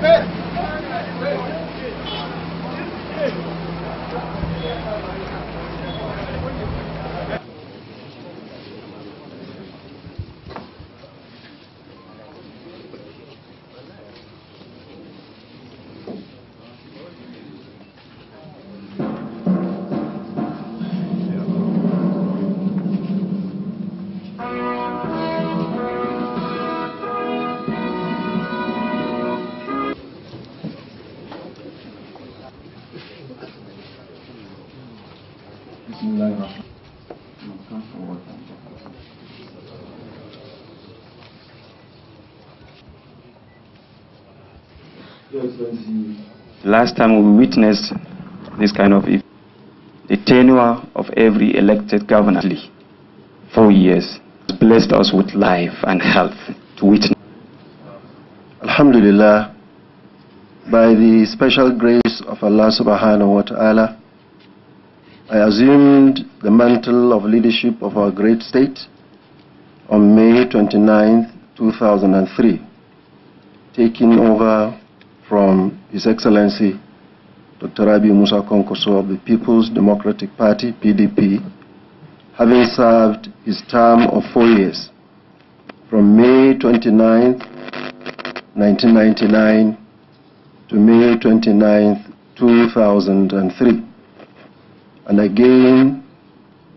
네. Last time we witnessed this kind of event. The tenure of every elected governor, four years, blessed us with life and health to witness. Alhamdulillah, by the special grace of Allah subhanahu wa ta'ala, I assumed the mantle of leadership of our great state on May 29, 2003, taking over from His Excellency Dr. Rabi Musa Konkoso of the People's Democratic Party, PDP, having served his term of four years from May 29, 1999 to May 29, 2003. And again,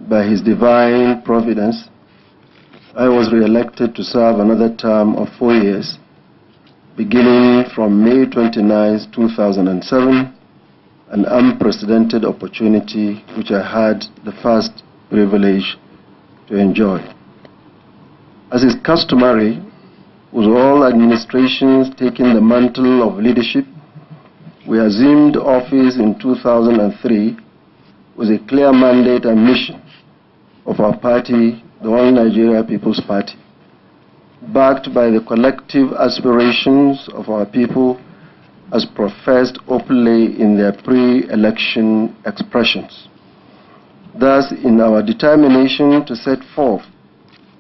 by his divine providence, I was re-elected to serve another term of four years, beginning from May 29, 2007, an unprecedented opportunity which I had the first privilege to enjoy. As is customary, with all administrations taking the mantle of leadership, we assumed office in 2003 with a clear mandate and mission of our party, the All Nigeria People's Party, backed by the collective aspirations of our people as professed openly in their pre-election expressions. Thus, in our determination to set forth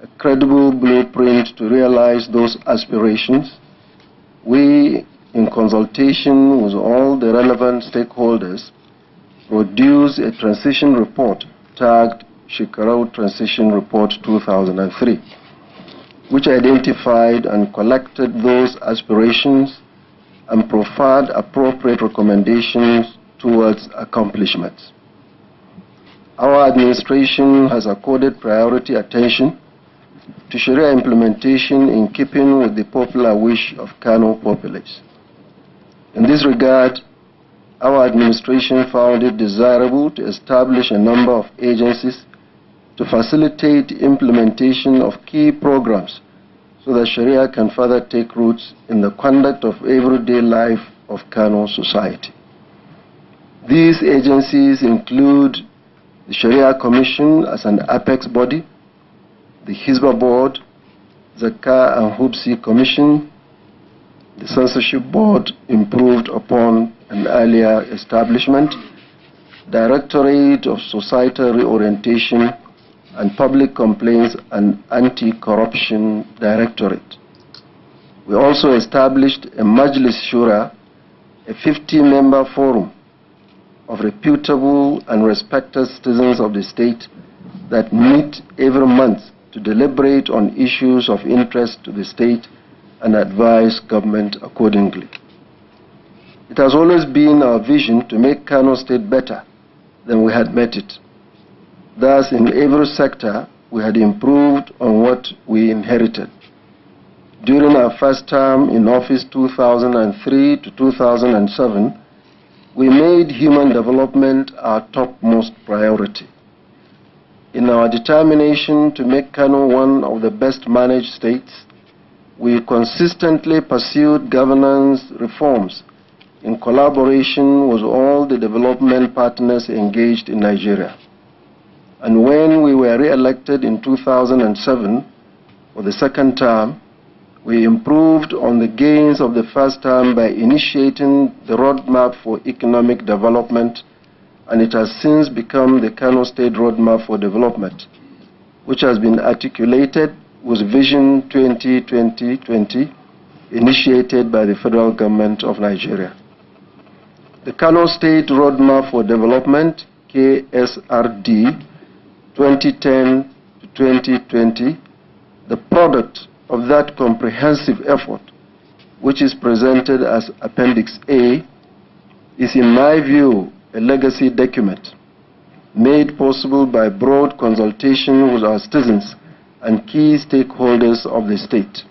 a credible blueprint to realize those aspirations, we, in consultation with all the relevant stakeholders, produced a transition report tagged Shikarau Transition Report 2003, which identified and collected those aspirations and proffered appropriate recommendations towards accomplishment. Our administration has accorded priority attention to Sharia implementation in keeping with the popular wish of Kano populace. In this regard, our administration found it desirable to establish a number of agencies to facilitate implementation of key programs so that Sharia can further take roots in the conduct of everyday life of Kano society. These agencies include the Sharia Commission as an apex body, the Hizba Board, Zakah and Hubsi Commission, the censorship board improved upon an earlier establishment. Directorate of Societal Reorientation and Public Complaints and Anti-Corruption Directorate. We also established a Majlis Shura, a 50-member forum of reputable and respected citizens of the state that meet every month to deliberate on issues of interest to the state and advise government accordingly. It has always been our vision to make Kano State better than we had met it. Thus, in every sector, we had improved on what we inherited. During our first term in office 2003 to 2007, we made human development our topmost priority. In our determination to make Kano one of the best managed states, we consistently pursued governance reforms in collaboration with all the development partners engaged in Nigeria. And when we were re-elected in 2007 for the second term, we improved on the gains of the first term by initiating the roadmap for economic development, and it has since become the Kano State Roadmap for Development, which has been articulated was Vision 2020-20 initiated by the federal government of Nigeria. The Kano State Roadmap for Development, KSRD 2010 to 2020, the product of that comprehensive effort, which is presented as Appendix A, is in my view a legacy document made possible by broad consultation with our citizens and key stakeholders of the state.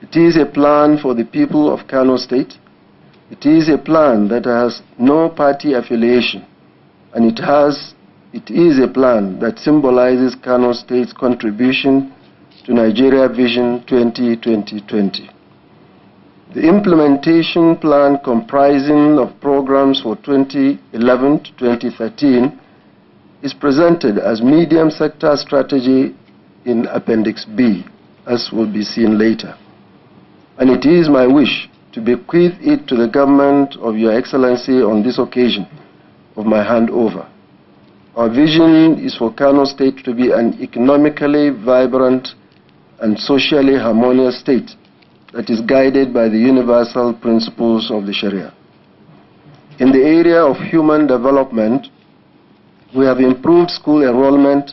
It is a plan for the people of Kano State. It is a plan that has no party affiliation and it has it is a plan that symbolizes Kano State's contribution to Nigeria Vision 2020 The implementation plan comprising of programs for 2011 to 2013 is presented as medium sector strategy in Appendix B, as will be seen later. And it is my wish to bequeath it to the government of Your Excellency on this occasion of my handover. Our vision is for Kano State to be an economically vibrant and socially harmonious state that is guided by the universal principles of the Sharia. In the area of human development, we have improved school enrollment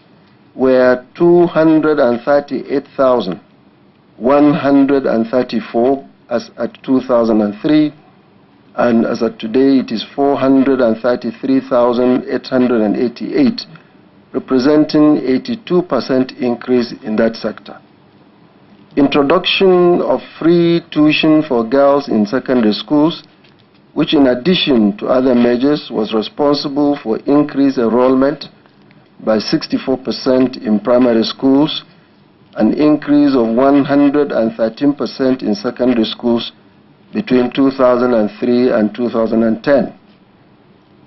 were 238,134 as at 2003 and as at today it is 433,888 representing 82% increase in that sector. Introduction of free tuition for girls in secondary schools which in addition to other measures was responsible for increased enrollment by 64% in primary schools, an increase of 113% in secondary schools between 2003 and 2010.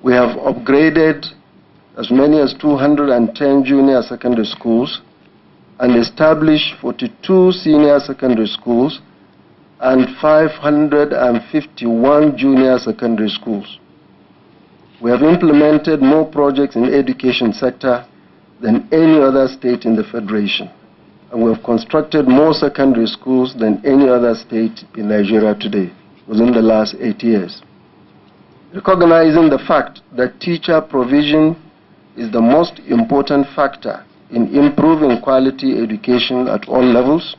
We have upgraded as many as 210 junior secondary schools and established 42 senior secondary schools and 551 junior secondary schools. We have implemented more projects in the education sector than any other state in the Federation. And we have constructed more secondary schools than any other state in Nigeria today within the last eight years. Recognizing the fact that teacher provision is the most important factor in improving quality education at all levels,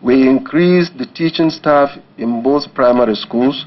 we increased the teaching staff in both primary schools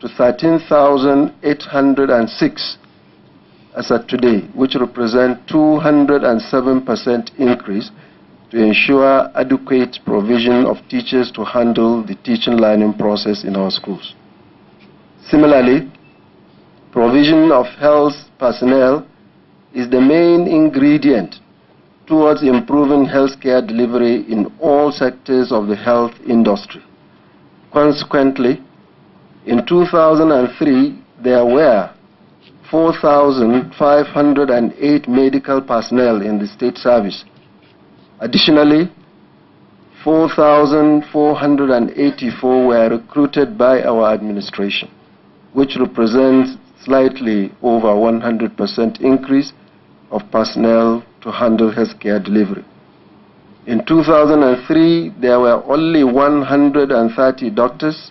to 13,806 as at today, which represent 207% increase to ensure adequate provision of teachers to handle the teaching learning process in our schools. Similarly, provision of health personnel is the main ingredient towards improving healthcare delivery in all sectors of the health industry. Consequently, in 2003, there were 4,508 medical personnel in the state service. Additionally, 4,484 were recruited by our administration, which represents slightly over 100% increase of personnel to handle healthcare delivery. In 2003, there were only 130 doctors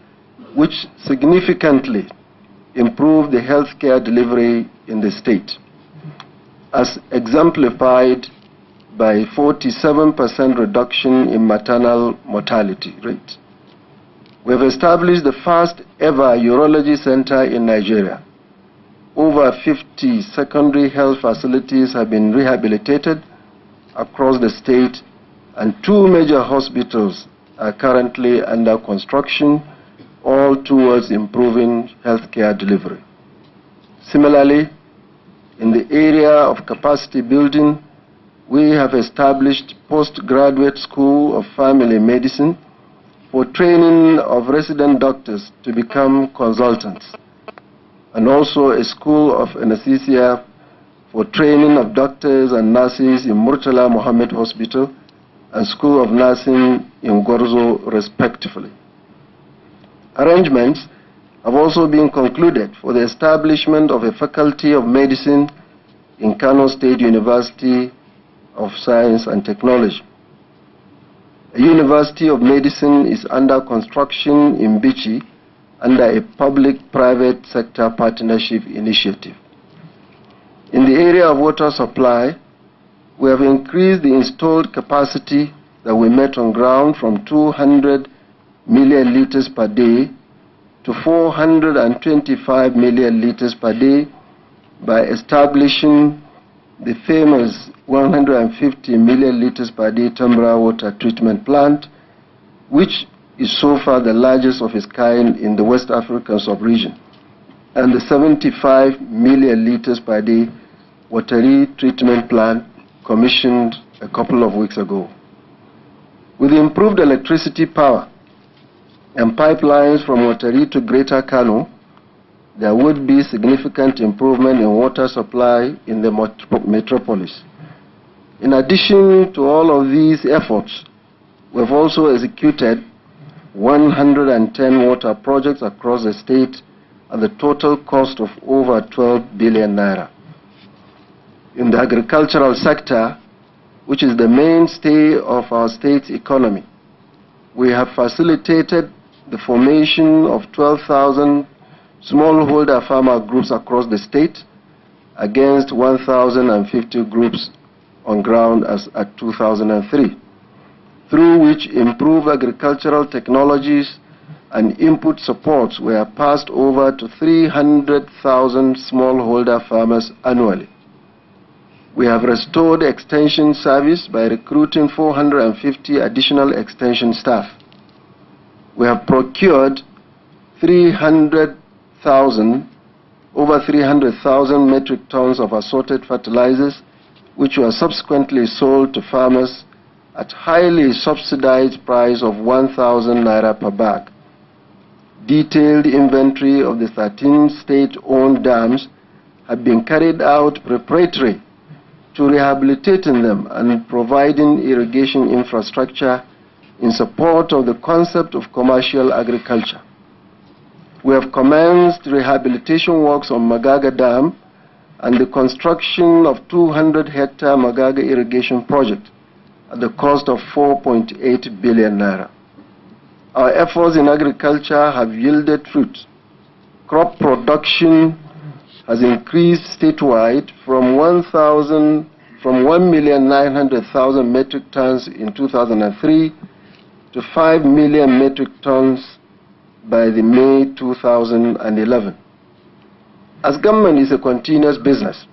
which significantly improved the healthcare delivery in the state, as exemplified by 47% reduction in maternal mortality rate. We have established the first ever urology center in Nigeria. Over 50 secondary health facilities have been rehabilitated across the state and two major hospitals are currently under construction all towards improving healthcare delivery. Similarly, in the area of capacity building, we have established postgraduate school of family medicine for training of resident doctors to become consultants, and also a school of anesthesia for training of doctors and nurses in Murtala Mohammed Hospital and School of Nursing in Gorzo, respectively. Arrangements have also been concluded for the establishment of a Faculty of Medicine in Kano State University of Science and Technology. A University of Medicine is under construction in Bichi under a public-private sector partnership initiative. In the area of water supply, we have increased the installed capacity that we met on ground from 200 million litres per day to 425 million litres per day by establishing the famous 150 million litres per day Tambra water treatment plant, which is so far the largest of its kind in the West African sub-region, and the 75 million litres per day Watery treatment plant commissioned a couple of weeks ago. With improved electricity power, and pipelines from Watari to Greater Kano, there would be significant improvement in water supply in the metropolis. In addition to all of these efforts, we've also executed 110 water projects across the state at the total cost of over 12 billion naira. In the agricultural sector, which is the mainstay of our state's economy, we have facilitated the formation of 12,000 smallholder farmer groups across the state against 1,050 groups on ground as at 2003, through which improved agricultural technologies and input supports were passed over to 300,000 smallholder farmers annually. We have restored extension service by recruiting 450 additional extension staff we have procured 300,000 over 300,000 metric tons of assorted fertilizers which were subsequently sold to farmers at highly subsidized price of 1,000 naira per bag. Detailed inventory of the 13 state-owned dams have been carried out preparatory to rehabilitating them and providing irrigation infrastructure in support of the concept of commercial agriculture. We have commenced rehabilitation works on Magaga Dam and the construction of 200 hectare Magaga irrigation project at the cost of 4.8 billion naira. Our efforts in agriculture have yielded fruit. Crop production has increased statewide from 1,000 from 1,900,000 metric tons in 2003 to 5 million metric tons by the May 2011. As government is a continuous business,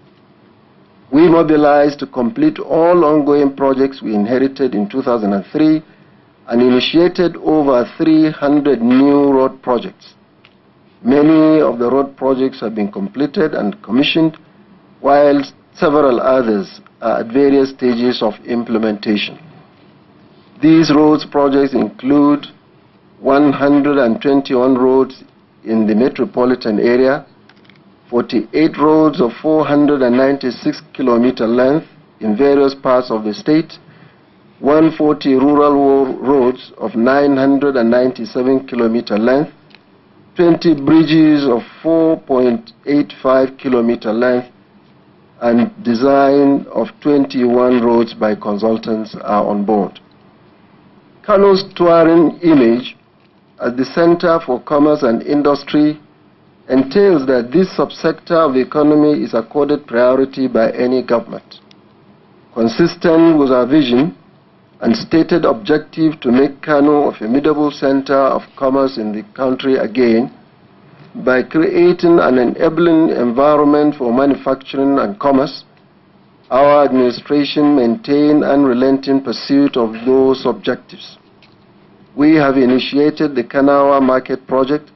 we mobilized to complete all ongoing projects we inherited in 2003 and initiated over 300 new road projects. Many of the road projects have been completed and commissioned, while several others are at various stages of implementation. These roads projects include 121 roads in the metropolitan area, 48 roads of 496 kilometer length in various parts of the state, 140 rural roads of 997 kilometer length, 20 bridges of 4.85 kilometer length, and design of 21 roads by consultants are on board. Kano's touring image as the center for commerce and industry entails that this subsector of the economy is accorded priority by any government. Consistent with our vision and stated objective to make Kano a formidable center of commerce in the country again by creating an enabling environment for manufacturing and commerce, our administration maintained unrelenting pursuit of those objectives. We have initiated the Kanawa Market Project,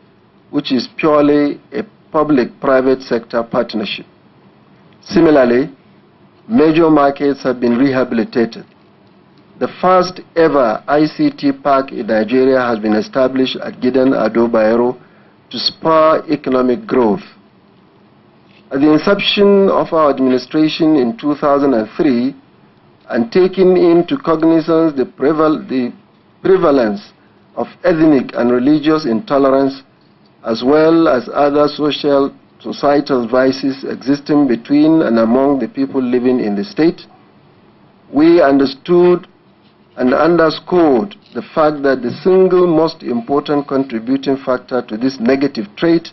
which is purely a public-private sector partnership. Similarly, major markets have been rehabilitated. The first ever ICT park in Nigeria has been established at Gidan Ado to spur economic growth. At the inception of our administration in 2003 and taking into cognizance the, preval the prevalence of ethnic and religious intolerance as well as other social societal vices existing between and among the people living in the state, we understood and underscored the fact that the single most important contributing factor to this negative trait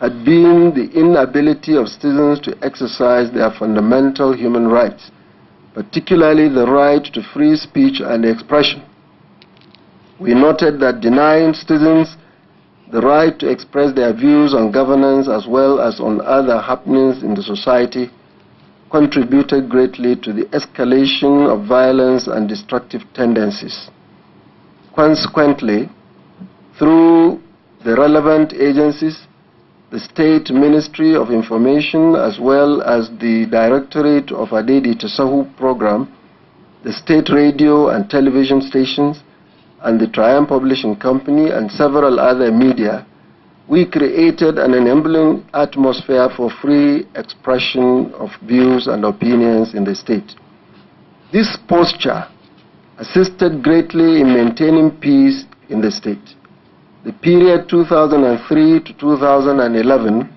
had been the inability of citizens to exercise their fundamental human rights, particularly the right to free speech and expression. We noted that denying citizens the right to express their views on governance as well as on other happenings in the society contributed greatly to the escalation of violence and destructive tendencies. Consequently, through the relevant agencies, the State Ministry of Information as well as the Directorate of Adedi Tasahu program, the state radio and television stations, and the Triumph Publishing Company and several other media, we created an enabling atmosphere for free expression of views and opinions in the state. This posture assisted greatly in maintaining peace in the state the period 2003 to 2011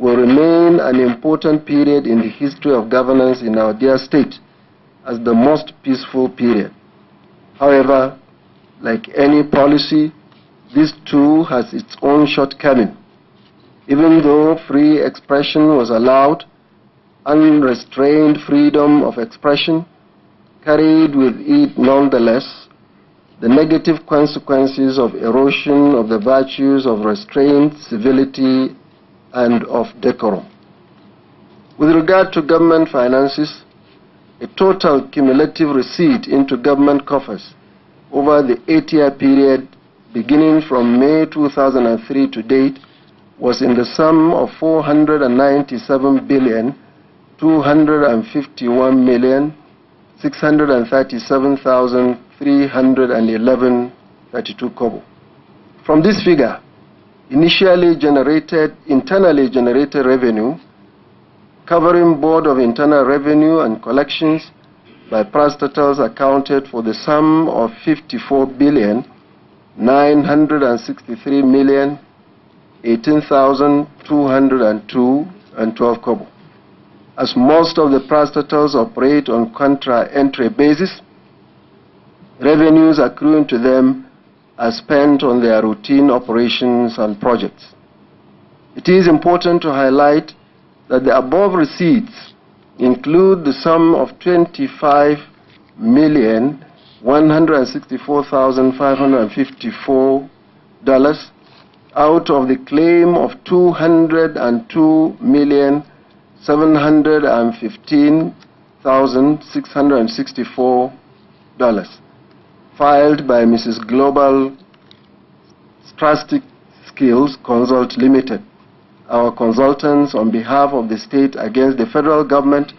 will remain an important period in the history of governance in our dear state as the most peaceful period. However, like any policy, this too has its own shortcoming. Even though free expression was allowed, unrestrained freedom of expression carried with it nonetheless the negative consequences of erosion of the virtues of restraint, civility, and of decorum. With regard to government finances, a total cumulative receipt into government coffers over the eight-year period beginning from May 2003 to date was in the sum of 497 billion 251 million 637,311.32 kobo. From this figure, initially generated internally generated revenue covering board of internal revenue and collections by price totals accounted for the sum of 54 billion 963 million 18,202 and 12 kobo as most of the prostators operate on contra-entry basis, revenues accruing to them are spent on their routine operations and projects. It is important to highlight that the above receipts include the sum of 25 million $164,554 out of the claim of 202 million $715,664 filed by Mrs. Global Strategic Skills Consult Limited, our consultants on behalf of the state against the federal government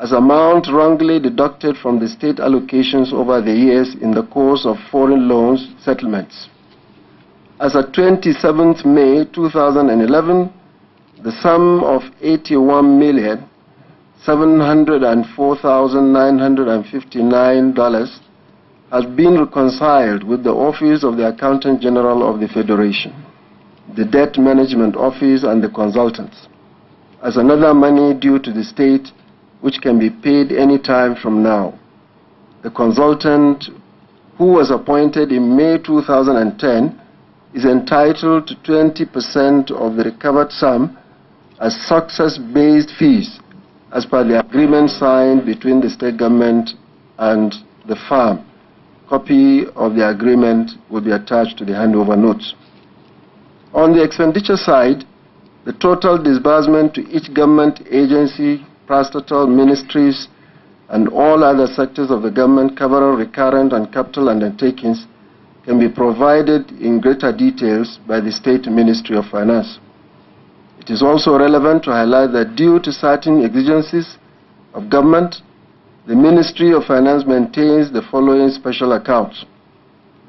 as amount wrongly deducted from the state allocations over the years in the course of foreign loans settlements. As at 27th May 2011, the sum of 81 million seven hundred and four thousand nine hundred and fifty nine dollars has been reconciled with the Office of the Accountant General of the Federation, the Debt Management Office and the consultants, as another money due to the state which can be paid any time from now. The consultant who was appointed in May 2010 is entitled to 20% of the recovered sum as success-based fees as per the agreement signed between the state government and the firm, Copy of the agreement will be attached to the handover notes. On the expenditure side, the total disbursement to each government agency, parastatal ministries, and all other sectors of the government covering recurrent and capital undertakings can be provided in greater details by the State Ministry of Finance. It is also relevant to highlight that due to certain exigencies of government, the Ministry of Finance maintains the following special accounts.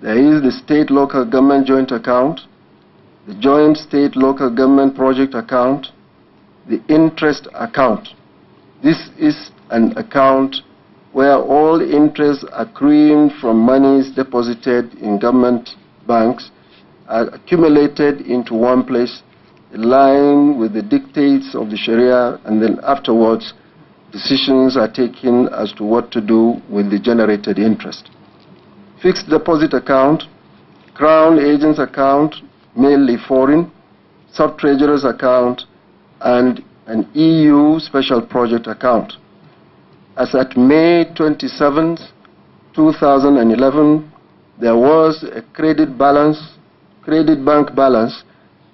There is the State Local Government Joint Account, the Joint State Local Government Project Account, the Interest Account. This is an account where all interests accruing from monies deposited in government banks are accumulated into one place line with the dictates of the Sharia, and then afterwards, decisions are taken as to what to do with the generated interest. Fixed deposit account, Crown agents account, mainly foreign, sub-treasurer's account, and an EU special project account. As at May 27, 2011, there was a credit balance, credit bank balance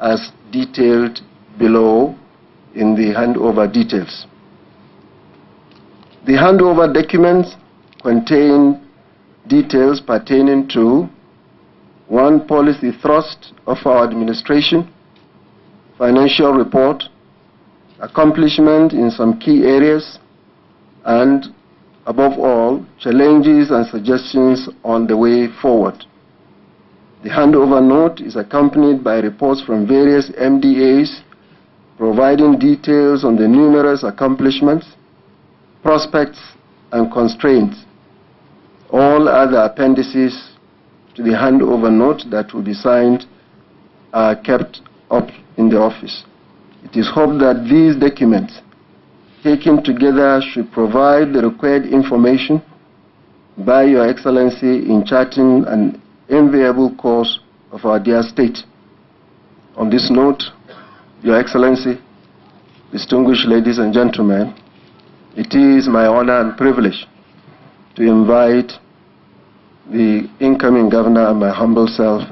as detailed below in the handover details. The handover documents contain details pertaining to one policy thrust of our administration, financial report, accomplishment in some key areas, and above all, challenges and suggestions on the way forward. The handover note is accompanied by reports from various MDAs providing details on the numerous accomplishments, prospects, and constraints. All other appendices to the handover note that will be signed are kept up in the office. It is hoped that these documents, taken together, should provide the required information by Your Excellency in charting an enviable cause of our dear state. On this note, Your Excellency, distinguished ladies and gentlemen, it is my honor and privilege to invite the incoming governor and my humble self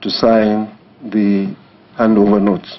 to sign the handover notes.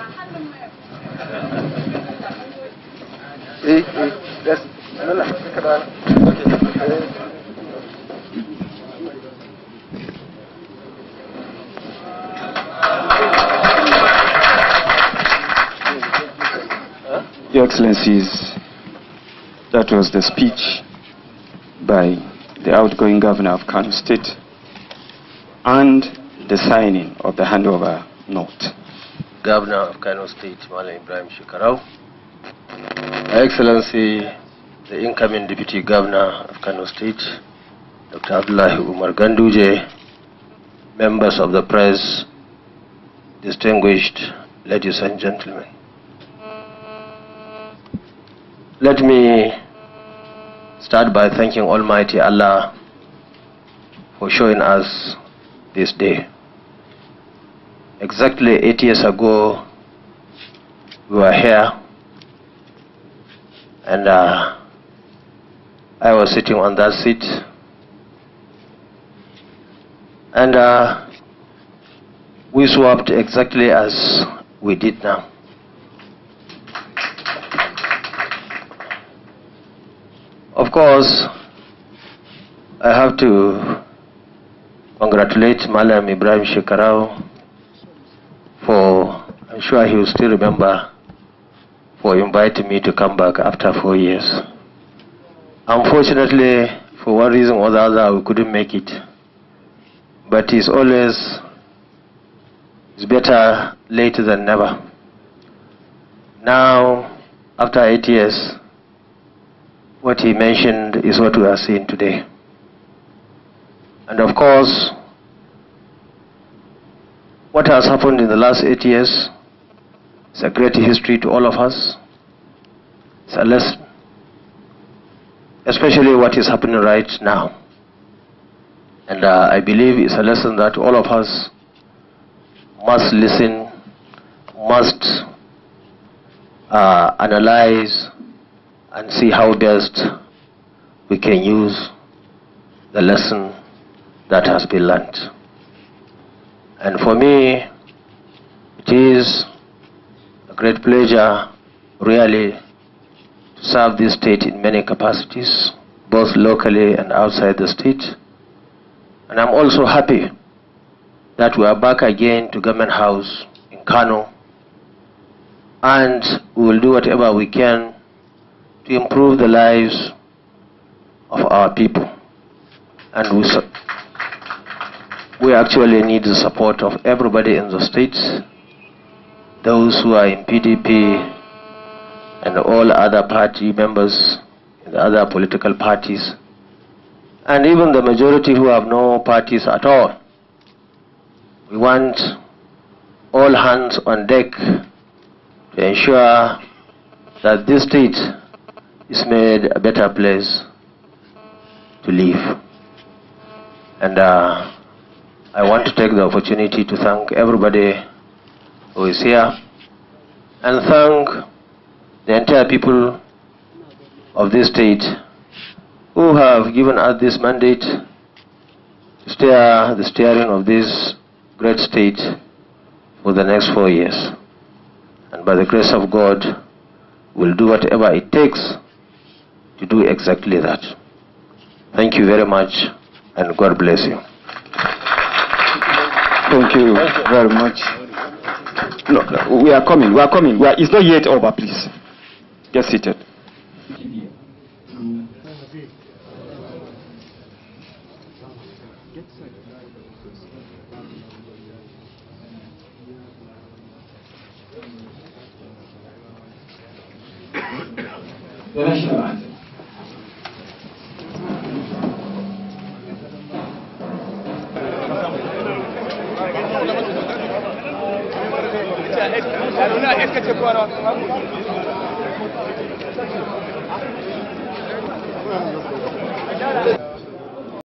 Excellencies, that was the speech by the outgoing governor of Kano State and the signing of the handover note. Governor of Kano State, Malam Ibrahim Shekarau. Excellency, the incoming Deputy Governor of Kano State, Dr. Abdullahi Umar Ganduje, members of the press, distinguished ladies and gentlemen. Let me start by thanking Almighty Allah for showing us this day. Exactly eight years ago, we were here and uh, I was sitting on that seat and uh, we swapped exactly as we did now. Of course, I have to congratulate Malam Ibrahim Shekarao for, I'm sure he will still remember, for inviting me to come back after four years. Unfortunately, for one reason or the other, we couldn't make it. But it's always it's better late than never. Now, after eight years, what he mentioned is what we are seeing today. And of course, what has happened in the last eight years is a great history to all of us. It's a lesson, especially what is happening right now. And uh, I believe it's a lesson that all of us must listen, must uh, analyze, and see how best we can use the lesson that has been learnt. And for me, it is a great pleasure really to serve this state in many capacities, both locally and outside the state. And I'm also happy that we are back again to Government House in Kano and we will do whatever we can to improve the lives of our people. And we, we actually need the support of everybody in the states, those who are in PDP and all other party members, other political parties, and even the majority who have no parties at all. We want all hands on deck to ensure that this state is made a better place to live. And uh, I want to take the opportunity to thank everybody who is here and thank the entire people of this state who have given us this mandate to steer the steering of this great state for the next four years. And by the grace of God, we'll do whatever it takes to do exactly that. Thank you very much and God bless you. Thank you very much. No, we are coming, we are coming. We are, it's not yet over, please. Get seated. The National